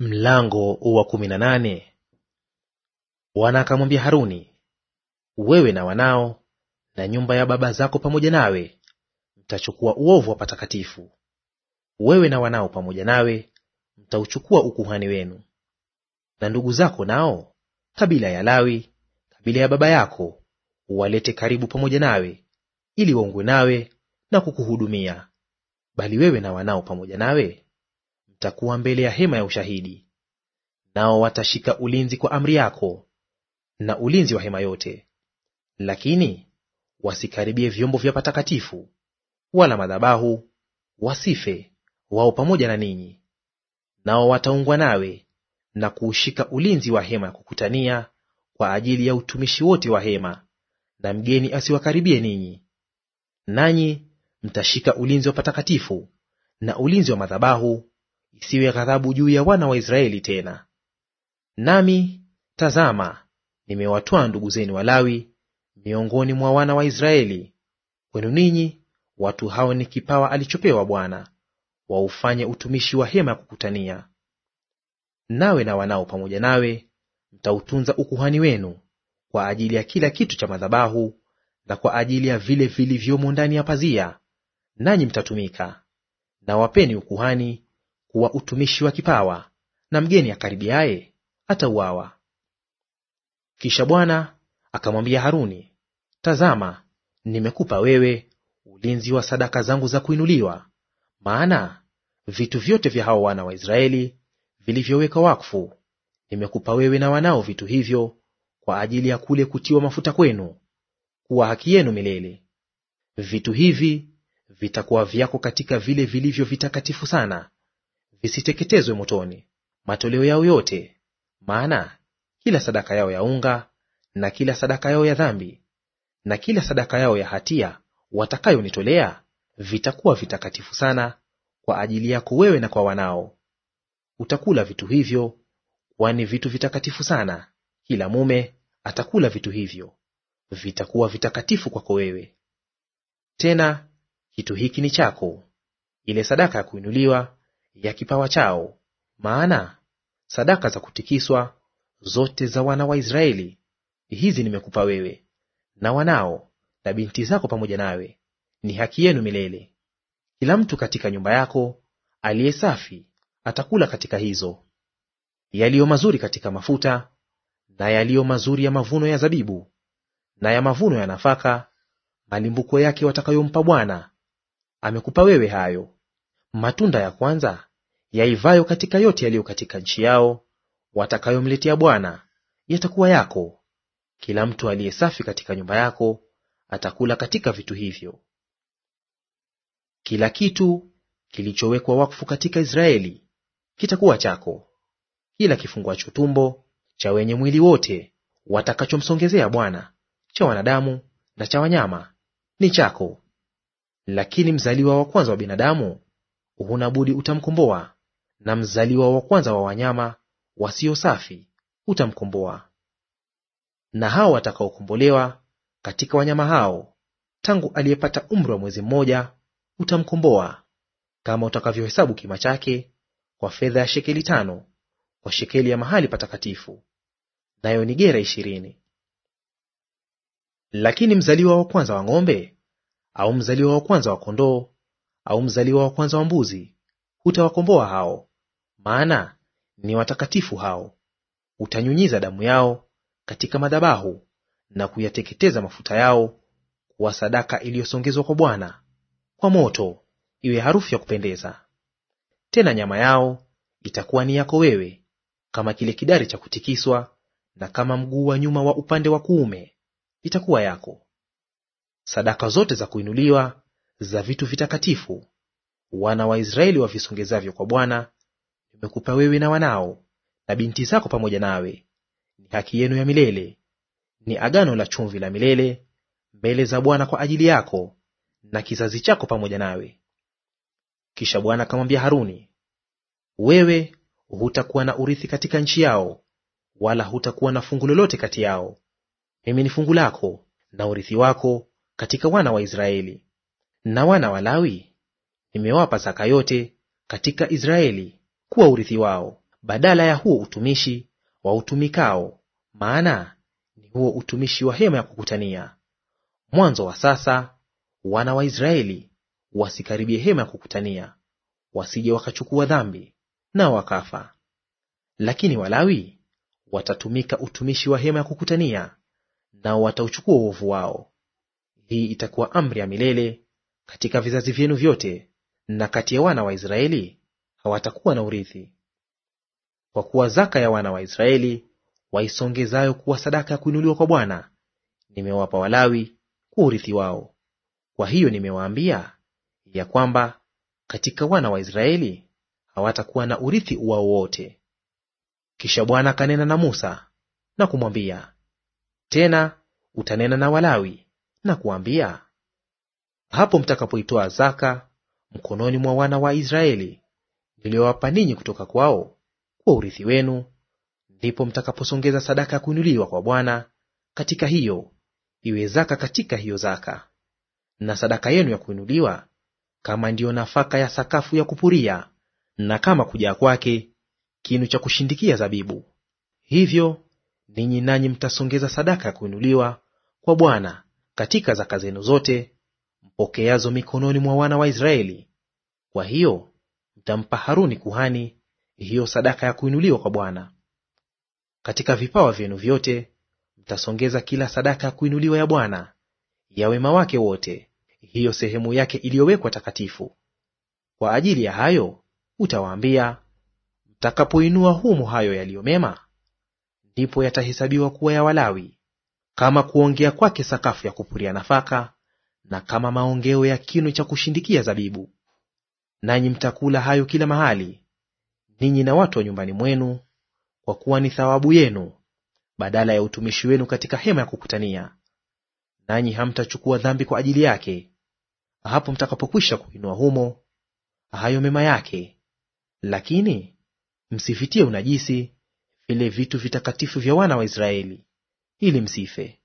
Mlango wa kumi na nane. Bwana akamwambia Haruni, wewe na wanao na nyumba ya baba zako pamoja nawe mtachukua uovu wa patakatifu, wewe na wanao pamoja nawe mtauchukua ukuhani wenu. Na ndugu zako nao kabila ya Lawi, kabila ya baba yako, uwalete karibu pamoja nawe, ili waungwe nawe na kukuhudumia. Bali wewe na wanao pamoja nawe takuwa mbele ya hema ya ushahidi. Nao watashika ulinzi kwa amri yako na ulinzi wa hema yote, lakini wasikaribie vyombo vya patakatifu wala madhabahu, wasife wao pamoja na ninyi. Nao wataungwa nawe na kuushika ulinzi wa hema ya kukutania kwa ajili ya utumishi wote wa hema, na mgeni asiwakaribie ninyi. Nanyi mtashika ulinzi wa patakatifu na ulinzi wa madhabahu isiwe ghadhabu juu ya wana wa Israeli tena. Nami tazama, nimewatwaa ndugu zenu Walawi miongoni mwa wana wa Israeli kwenu ninyi watu hao ni kipawa alichopewa Bwana, waufanye utumishi wa hema ya kukutania. Nawe na wanao pamoja nawe mtautunza ukuhani wenu kwa ajili ya kila kitu cha madhabahu na kwa ajili ya vile vilivyomo ndani ya pazia, nanyi mtatumika. Na wapeni ukuhani kuwa utumishi wa kipawa, na mgeni akaribiaye atauawa. Kisha Bwana akamwambia Haruni, Tazama, nimekupa wewe ulinzi wa sadaka zangu za kuinuliwa, maana vitu vyote vya hao wana wa Israeli vilivyoweka wakfu nimekupa wewe na wanao vitu hivyo kwa ajili ya kule kutiwa mafuta kwenu, kuwa haki yenu milele. Vitu hivi vitakuwa vyako katika vile vilivyo vitakatifu sana visiteketezwe motoni, matoleo yao yote, maana kila sadaka yao ya unga na kila sadaka yao ya dhambi na kila sadaka yao ya hatia watakayonitolea vitakuwa vitakatifu sana kwa ajili yako wewe na kwa wanao. Utakula vitu hivyo, kwani vitu vitakatifu sana. Kila mume atakula vitu hivyo, vitakuwa vitakatifu kwako wewe. Tena kitu hiki ni chako, ile sadaka ya kuinuliwa ya kipawa chao, maana sadaka za kutikiswa zote za wana wa Israeli hizi nimekupa wewe na wanao na binti zako pamoja nawe, ni haki yenu milele. Kila mtu katika nyumba yako aliye safi atakula katika hizo, yaliyo mazuri katika mafuta na yaliyo mazuri ya mavuno ya zabibu na ya mavuno ya nafaka, malimbuko yake watakayompa Bwana. Amekupa wewe hayo matunda ya kwanza yaivayo katika yote yaliyo katika nchi yao watakayomletea Bwana yatakuwa yako. Kila mtu aliye safi katika nyumba yako atakula katika vitu hivyo. Kila kitu kilichowekwa wakfu katika Israeli kitakuwa chako, kila kifungwacho tumbo cha wenye mwili wote watakachomsongezea Bwana, cha wanadamu na cha wanyama, ni chako. Lakini mzaliwa wa kwanza wa binadamu huna budi utamkomboa, na mzaliwa wa kwanza wa wanyama wasio safi utamkomboa. Na hao watakaokombolewa katika wanyama hao, tangu aliyepata umri wa mwezi mmoja utamkomboa, kama utakavyohesabu kima chake, kwa fedha ya shekeli tano kwa shekeli ya mahali patakatifu, nayo ni gera ishirini. Lakini mzaliwa wa kwanza wa ng'ombe au mzaliwa wa kwanza wa kondoo au mzaliwa wa kwanza wa mbuzi, hutawakomboa hao, maana ni watakatifu hao. Utanyunyiza damu yao katika madhabahu na kuyateketeza mafuta yao kuwa sadaka iliyosongezwa kwa Bwana kwa moto, iwe harufu ya kupendeza. Tena nyama yao itakuwa ni yako wewe, kama kile kidari cha kutikiswa na kama mguu wa nyuma wa upande wa kuume itakuwa yako. Sadaka zote za kuinuliwa za vitu vitakatifu wana wa Israeli wavisongezavyo kwa Bwana, nimekupa wewe na wanao na binti zako pamoja nawe; ni haki yenu ya milele, ni agano la chumvi la milele mbele za Bwana kwa ajili yako na kizazi chako pamoja nawe. Kisha Bwana akamwambia Haruni, wewe hutakuwa na urithi katika nchi yao, wala hutakuwa na fungu lolote kati yao. Mimi ni fungu lako na urithi wako katika wana wa Israeli. Na wana wa Lawi nimewapa zaka yote katika Israeli kuwa urithi wao, badala ya huo utumishi wa utumikao, maana ni huo utumishi wa hema ya kukutania. Mwanzo wa sasa wana wa Israeli wasikaribie hema ya kukutania, wasije wakachukua dhambi nao wakafa. Lakini Walawi watatumika utumishi wa hema ya kukutania, nao watauchukua uovu wao. Hii itakuwa amri ya milele katika vizazi vyenu vyote, na kati ya wana wa Israeli hawatakuwa na urithi. Kwa kuwa zaka ya wana wa Israeli waisongezayo kuwa sadaka ya kuinuliwa kwa Bwana nimewapa Walawi kuwa urithi wao. Kwa hiyo nimewaambia ya kwamba katika wana wa Israeli hawatakuwa na urithi wao wote. Kisha Bwana akanena na Musa na kumwambia, tena utanena na Walawi na kuambia, hapo mtakapoitoa zaka mkononi mwa wana wa Israeli niliyowapa ninyi kutoka kwao kuwa urithi wenu, ndipo mtakaposongeza sadaka ya kuinuliwa kwa Bwana katika hiyo iwe zaka katika hiyo zaka. Na sadaka yenu ya kuinuliwa kama ndiyo nafaka ya sakafu ya kupuria, na kama kujaa kwake kinu cha kushindikia zabibu, hivyo ninyi nanyi mtasongeza sadaka ya kuinuliwa kwa Bwana katika zaka zenu zote mpokeazo mikononi mwa wana wa Israeli. Kwa hiyo mtampa Haruni kuhani hiyo sadaka ya kuinuliwa kwa Bwana. Katika vipawa vyenu vyote mtasongeza kila sadaka ya kuinuliwa ya Bwana ya wema wake wote, hiyo sehemu yake iliyowekwa takatifu. Kwa ajili ya hayo utawaambia, mtakapoinua humo hayo yaliyo mema, ndipo yatahesabiwa kuwa ya Walawi, kama kuongea kwake sakafu ya kupuria nafaka na kama maongeo ya kinu cha kushindikia zabibu. Nanyi mtakula hayo kila mahali, ninyi na watu wa nyumbani mwenu, kwa kuwa ni thawabu yenu badala ya utumishi wenu katika hema ya kukutania. Nanyi hamtachukua dhambi kwa ajili yake, hapo mtakapokwisha kuinua humo hayo mema yake. Lakini msivitie unajisi vile vitu vitakatifu vya wana wa Israeli, ili msife.